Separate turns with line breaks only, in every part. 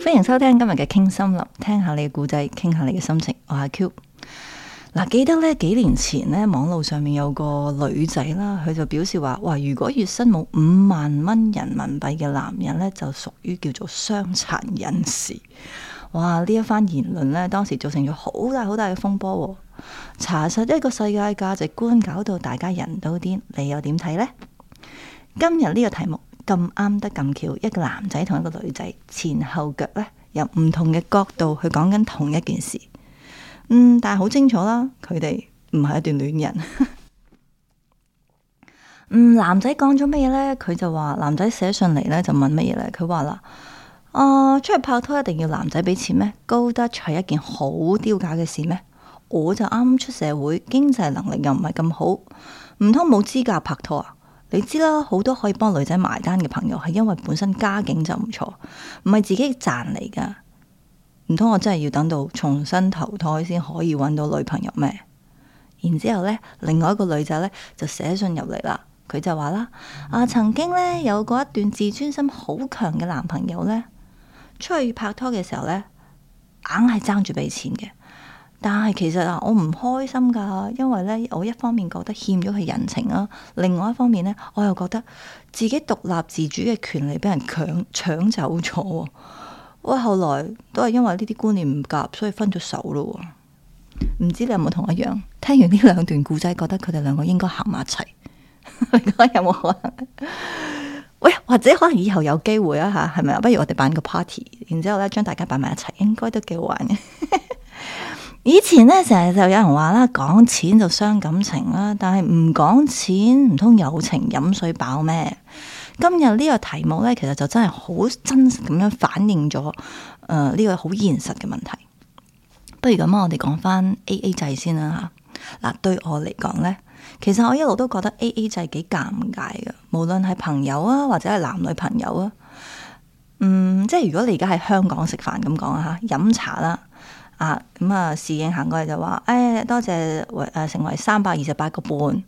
歡迎收聽今日嘅傾森林，聽下你嘅故仔，傾下你嘅心情。我係 Q。嗱、啊，記得呢幾年前呢，網路上面有個女仔啦，佢就表示話，哇，如果月薪冇五萬蚊人民幣嘅男人呢，就屬於叫做傷殘人士。哇，呢一番言論呢，當時造成咗好大好大嘅風波、哦。查實一個世界價值觀，搞到大家人都癲，你又點睇呢？今日呢個題目咁啱得咁巧，一個男仔同一個女仔前後腳呢，由唔同嘅角度去講緊同一件事。嗯，但係好清楚啦，佢哋唔係一段戀人。 嗯，男仔講咗乜嘢呢？佢就話男仔寫信嚟，呢，就問乜嘢呢？佢話啦，啊，出去拍拖一定要男仔俾錢咩？各付各係一件好丟架嘅事咩？我就啱出社會，經濟能力又唔係咁好，唔通冇資格拍拖啊？你知啦，好多可以幫女仔埋單嘅朋友，係因為本身家境就唔錯，唔係自己賺嚟噶。唔通我真係要等到重新投胎先可以搵到女朋友咩？然之後呢，另外一個女仔呢，就寫信入嚟啦，佢就話啦：啊，曾經呢，有過一段自尊心好強嘅男朋友呢，出去拍拖嘅時候呢，硬係爭住俾錢嘅。但係其實啊，我唔開心噶，因為咧，我一方面覺得欠咗佢人情啊，另外一方面咧，我又覺得自己獨立自主嘅權利俾人搶搶走咗。喂，後來都係因為呢啲觀念唔夾，所以分咗手咯。唔知你有冇同我一樣？聽完呢兩段故仔，覺得佢哋兩個應該行埋一齊。 你覺得有冇可能？喂，或者可能以後有機會啊？吓，係咪啊？不如我哋辦個 party，然之後咧，將大家擺埋一齊，應該都幾好玩嘅。 以前咧，成日就有人話啦，講錢就傷感情啦，但係唔講錢，唔通友情飲水飽咩？今日呢個題目咧，其實就真係好真實咁樣反映咗誒呢個好現實嘅問題。不如咁我哋講返 A A 制先啦吓。嗱，啊，對我嚟講咧，其實我一路都覺得 A A 制幾尷尬㗎，無論係朋友啊，或者係男女朋友啊，嗯，即係如果你而家喺香港食飯咁講啊，吓，飲茶啦。啊，咁啊，侍應行過嚟就話，誒、哎，多謝為、呃、成為三百二十八個半，咁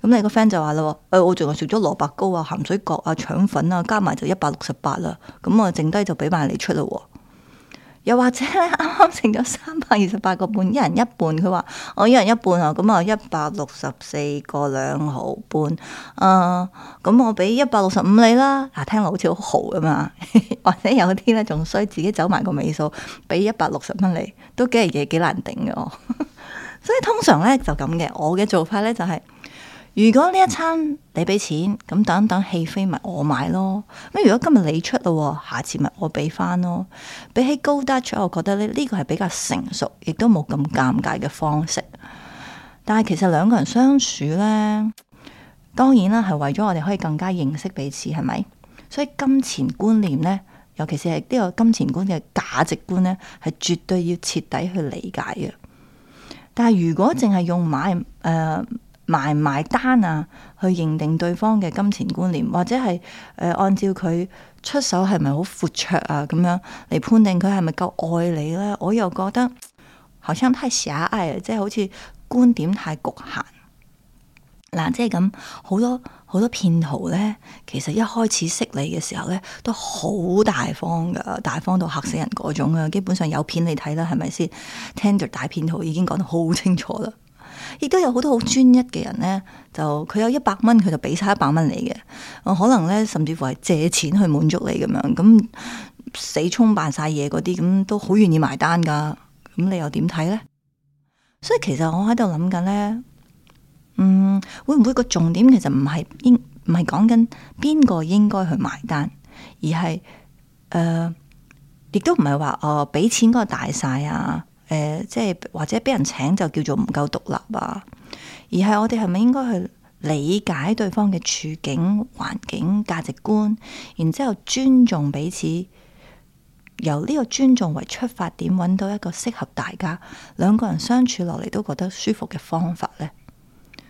你個 friend 就話咯，誒、哎，我仲係食咗蘿蔔糕啊、鹹水角啊、腸粉啊，加埋就一百六十八啦，咁啊，剩低就畀埋你出啦。又或者咧，啱啱剩咗三百二十八個半，一人一半，佢話我一人一半啊，咁啊一百六十四個兩毫半，啊，咁我俾一百六十五你啦，嗱，聽落好似好豪咁啊，或者有啲咧仲衰自己走埋個尾數，俾一百六十蚊你，都幾嘢幾難頂嘅哦， 所以通常咧就咁嘅，我嘅做法咧就係、是。如果呢一餐你俾錢，咁等等戲飛咪我買咯。咁如果今日你出啦，下次咪我俾翻咯。比起 Go Dutch，我覺得呢呢個係比較成熟，亦都冇咁尷尬嘅方式。但係其實兩個人相處呢，當然啦係為咗我哋可以更加認識彼此，係咪？所以金錢觀念呢，尤其是係呢個金錢觀念嘅價值觀呢，係絕對要徹底去理解嘅。但係如果淨係用買誒，呃埋唔埋單啊？去認定對方嘅金錢觀念，或者係誒、呃、按照佢出手係咪好闊綽啊？咁樣嚟判定佢係咪夠愛你咧？我又覺得好像太狹隘，即係好似觀點太局限。嗱，即係咁，好多好多騙徒咧，其實一開始識你嘅時候咧，都好大方噶，大方到吓死人嗰種啊！基本上有片你睇啦，係咪先？Tender 大騙徒已經講得好清楚啦。亦都有好多好專一嘅人咧，就佢有一百蚊，佢就俾晒一百蚊你嘅。我可能咧，甚至乎係借錢去滿足你咁樣，咁死充扮晒嘢嗰啲，咁都好願意埋單噶。咁你又點睇咧？所以其實我喺度諗緊咧，嗯，會唔會個重點其實唔係應唔係講緊邊個應該去埋單，而係誒，亦都唔係話哦，俾錢嗰個大晒啊。誒、呃，即係或者俾人請就叫做唔夠獨立啊，而係我哋係咪應該去理解對方嘅處境、環境、價值觀，然之後尊重彼此，由呢個尊重為出發點，揾到一個適合大家兩個人相處落嚟都覺得舒服嘅方法呢。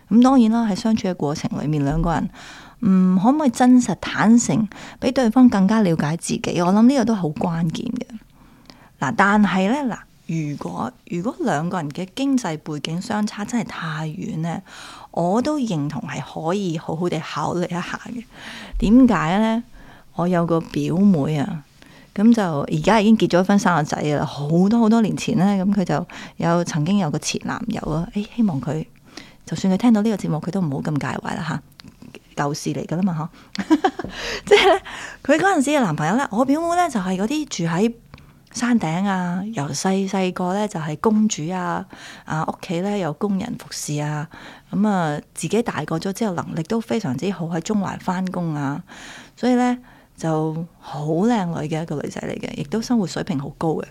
咁當然啦，喺相處嘅過程裏面，兩個人唔、嗯、可唔可以真實坦誠，俾對方更加了解自己，我諗呢個都好關鍵嘅。嗱，但係呢。嗱、呃。如果如果兩個人嘅經濟背景相差真係太遠呢，我都認同係可以好好地考慮一下嘅。點解呢？我有個表妹啊，咁就而家已經結咗婚、生個仔啊，好多好多年前呢，咁佢就有曾經有個前男友啊。誒、哎，希望佢就算佢聽到呢個節目，佢都唔好咁介懷啦嚇。舊、啊、事嚟噶啦嘛，即係呢，佢嗰陣時嘅男朋友呢，我表妹呢，就係嗰啲住喺。山頂啊，由細細個咧就係公主啊，啊屋企咧有工人服侍啊，咁啊自己大個咗之後能力都非常之好，喺中環返工啊，所以咧就好靚女嘅一個女仔嚟嘅，亦都生活水平好高嘅，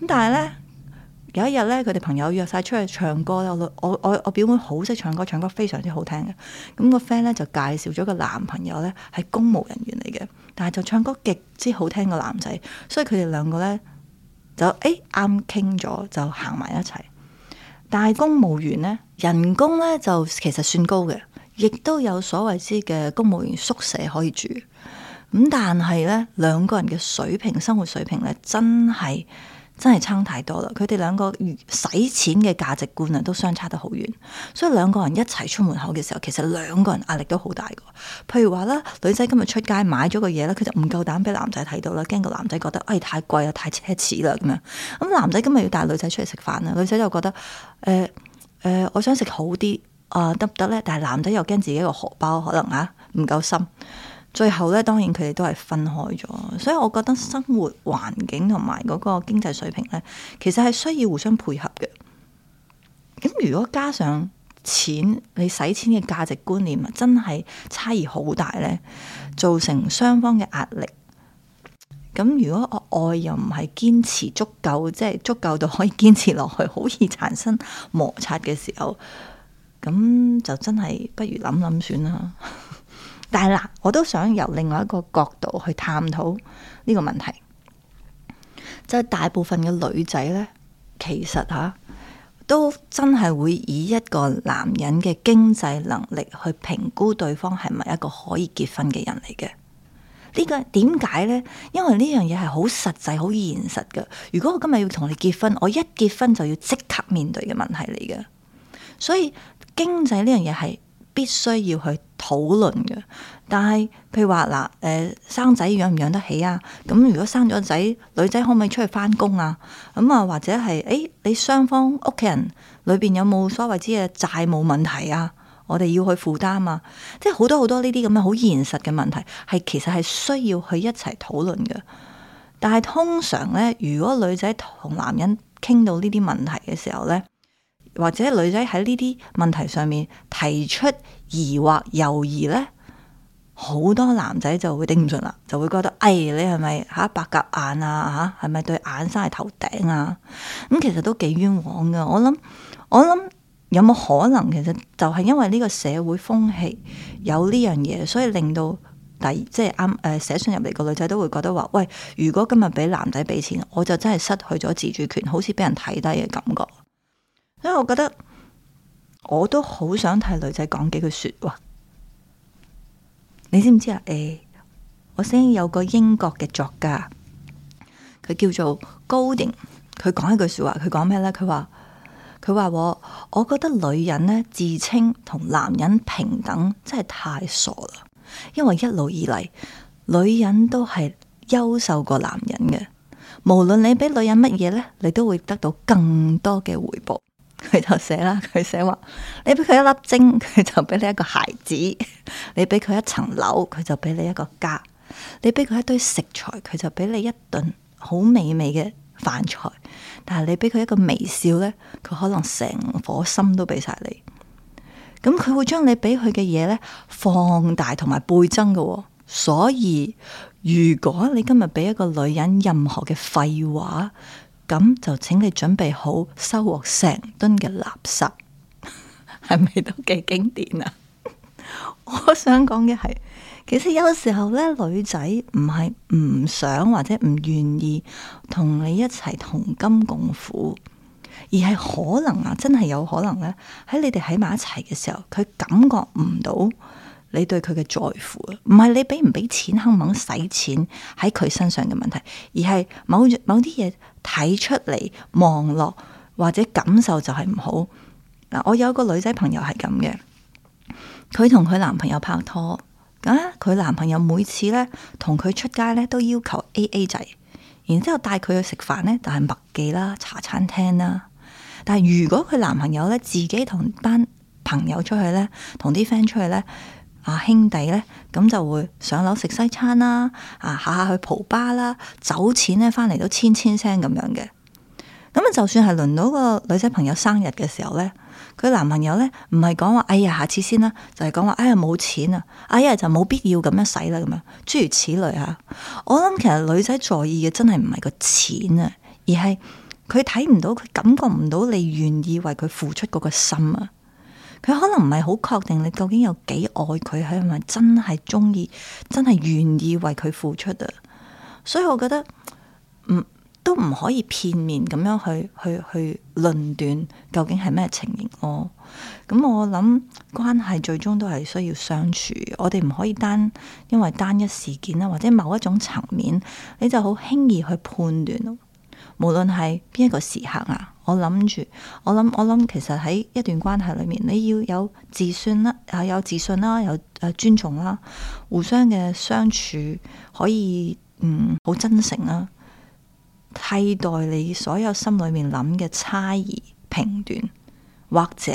咁但係咧。有一日咧，佢哋朋友約晒出去唱歌啦！我我我表妹好識唱歌，唱歌非常之好聽嘅。咁個 friend 咧就介紹咗個男朋友咧，係公務人員嚟嘅，但係就唱歌極之好聽個男仔，所以佢哋兩個咧就誒啱傾咗，就行埋一齊。但係公務員咧，人工咧就其實算高嘅，亦都有所謂之嘅公務員宿舍可以住。咁但係咧，兩個人嘅水平生活水平咧真係。真係差太多啦！佢哋兩個使錢嘅價值觀啊，都相差得好遠，所以兩個人一齊出門口嘅時候，其實兩個人壓力都好大噶。譬如話啦，女仔今日出街買咗個嘢啦，佢就唔夠膽俾男仔睇到啦，驚個男仔覺得哎太貴啦，太奢侈啦咁樣。咁男仔今日要帶女仔出嚟食飯啦，女仔就覺得誒誒、呃呃，我想食好啲啊，得唔得咧？但係男仔又驚自己個荷包可能吓唔、啊、夠深。最後咧，當然佢哋都係分開咗，所以我覺得生活環境同埋嗰個經濟水平咧，其實係需要互相配合嘅。咁如果加上錢，你使錢嘅價值觀念真係差異好大咧，造成雙方嘅壓力。咁如果我愛又唔係堅持足夠，即係足夠到可以堅持落去，好易產生摩擦嘅時候，咁就真係不如諗諗算啦。但係嗱，我都想由另外一個角度去探討呢個問題，就係大部分嘅女仔咧，其實吓都真係會以一個男人嘅經濟能力去評估對方係咪一個可以結婚嘅人嚟嘅。呢個點解咧？因為呢樣嘢係好實際、好現實嘅。如果我今日要同你結婚，我一結婚就要即刻面對嘅問題嚟嘅。所以經濟呢樣嘢係必須要去討論嘅，但係譬如話嗱，誒、欸、生仔養唔養得起啊？咁如果生咗仔，女仔可唔可以出去翻工啊？咁、嗯、啊或者係誒、欸，你雙方屋企人裏邊有冇所謂之嘅債務問題啊？我哋要去負擔啊，即係好多好多呢啲咁嘅好現實嘅問題，係其實係需要去一齊討論嘅。但係通常呢，如果女仔同男人傾到呢啲問題嘅時候呢。或者女仔喺呢啲問題上面提出疑惑、猶疑呢，好多男仔就會頂唔順啦，就會覺得：哎，你係咪嚇白鴿眼啊？嚇，係咪對眼生喺頭頂啊？咁、嗯、其實都幾冤枉嘅。我諗，我諗有冇可能其實就係因為呢個社會風氣有呢樣嘢，所以令到第即係啱誒寫信入嚟個女仔都會覺得話：喂，如果今日俾男仔俾錢，我就真係失去咗自主權，好似俾人睇低嘅感覺。因為我覺得我都好想替女仔講幾句說話。你知唔知啊？誒、欸，我先有個英國嘅作家，佢叫做 Golding，佢講一句說話，佢講咩咧？佢話佢話，我我覺得女人呢，自稱同男人平等，真係太傻啦！因為一路以嚟，女人都係優秀過男人嘅。無論你俾女人乜嘢呢，你都會得到更多嘅回報。佢就寫啦，佢寫話：你俾佢一粒精，佢就俾你一個孩子；你俾佢一層樓，佢就俾你一個家；你俾佢一堆食材，佢就俾你一頓好美味嘅飯菜。但係你俾佢一個微笑呢，佢可能成顆心都俾晒你。咁佢會將你俾佢嘅嘢，呢放大同埋倍增噶。所以如果你今日俾一個女人任何嘅廢話，咁就請你準備好收穫成噸嘅垃圾，係 咪都幾經典啊？ 我想講嘅係，其實有時候咧，女仔唔係唔想或者唔願意同你一齊同甘共苦，而係可能啊，真係有可能咧、啊，喺你哋喺埋一齊嘅時候，佢感覺唔到。你對佢嘅在乎啊，唔係你俾唔俾錢，肯唔肯使錢喺佢身上嘅問題，而係某某啲嘢睇出嚟、望落或者感受就係唔好嗱、呃。我有一個女仔朋友係咁嘅，佢同佢男朋友拍拖啊，佢男朋友每次咧同佢出街咧都要求 AA 制，然之後帶佢去食飯咧就係麥記啦、茶餐廳啦。但係如果佢男朋友咧自己同班朋友出去咧，同啲 friend 出去咧。啊兄弟咧，咁就會上樓食西餐啦，啊下下去蒲吧啦，酒錢咧翻嚟都千千聲咁樣嘅。咁啊，就算係輪到個女仔朋友生日嘅時候咧，佢男朋友咧唔係講話哎呀下次先啦，就係講話哎呀冇錢啊，哎呀，哎呀就冇必要咁樣使啦咁樣。諸如此類吓，我諗其實女仔在意嘅真係唔係個錢啊，而係佢睇唔到佢感覺唔到你願意為佢付出嗰個心啊。佢可能唔係好確定你究竟有幾愛佢，係咪真係中意，真係願意為佢付出啊？所以我覺得唔都唔可以片面咁樣去去去論斷究竟係咩情形咯。咁、哦、我諗關係最終都係需要相處，我哋唔可以單因為單一事件啦，或者某一種層面，你就好輕易去判斷。無論係邊一個時刻啊，我諗住，我諗，我諗，其實喺一段關係裏面，你要有自信啦，係有自信啦，有誒尊重啦，互相嘅相處可以嗯好真誠啦，替代你所有心裏面諗嘅猜疑評斷，或者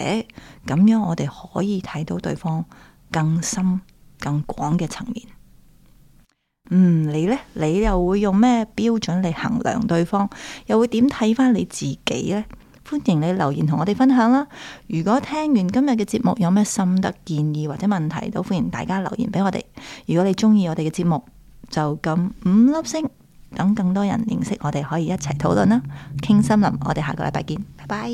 咁樣，我哋可以睇到對方更深更廣嘅層面。嗯，你呢，你又會用咩標準嚟衡量對方？又會點睇返你自己呢？歡迎你留言同我哋分享啦！如果聽完今日嘅節目有咩心得建議或者問題，都歡迎大家留言俾我哋。如果你中意我哋嘅節目，就咁五粒星，等更多人認識我哋，可以一齊討論啦。傾森林，我哋下個禮拜見，拜拜。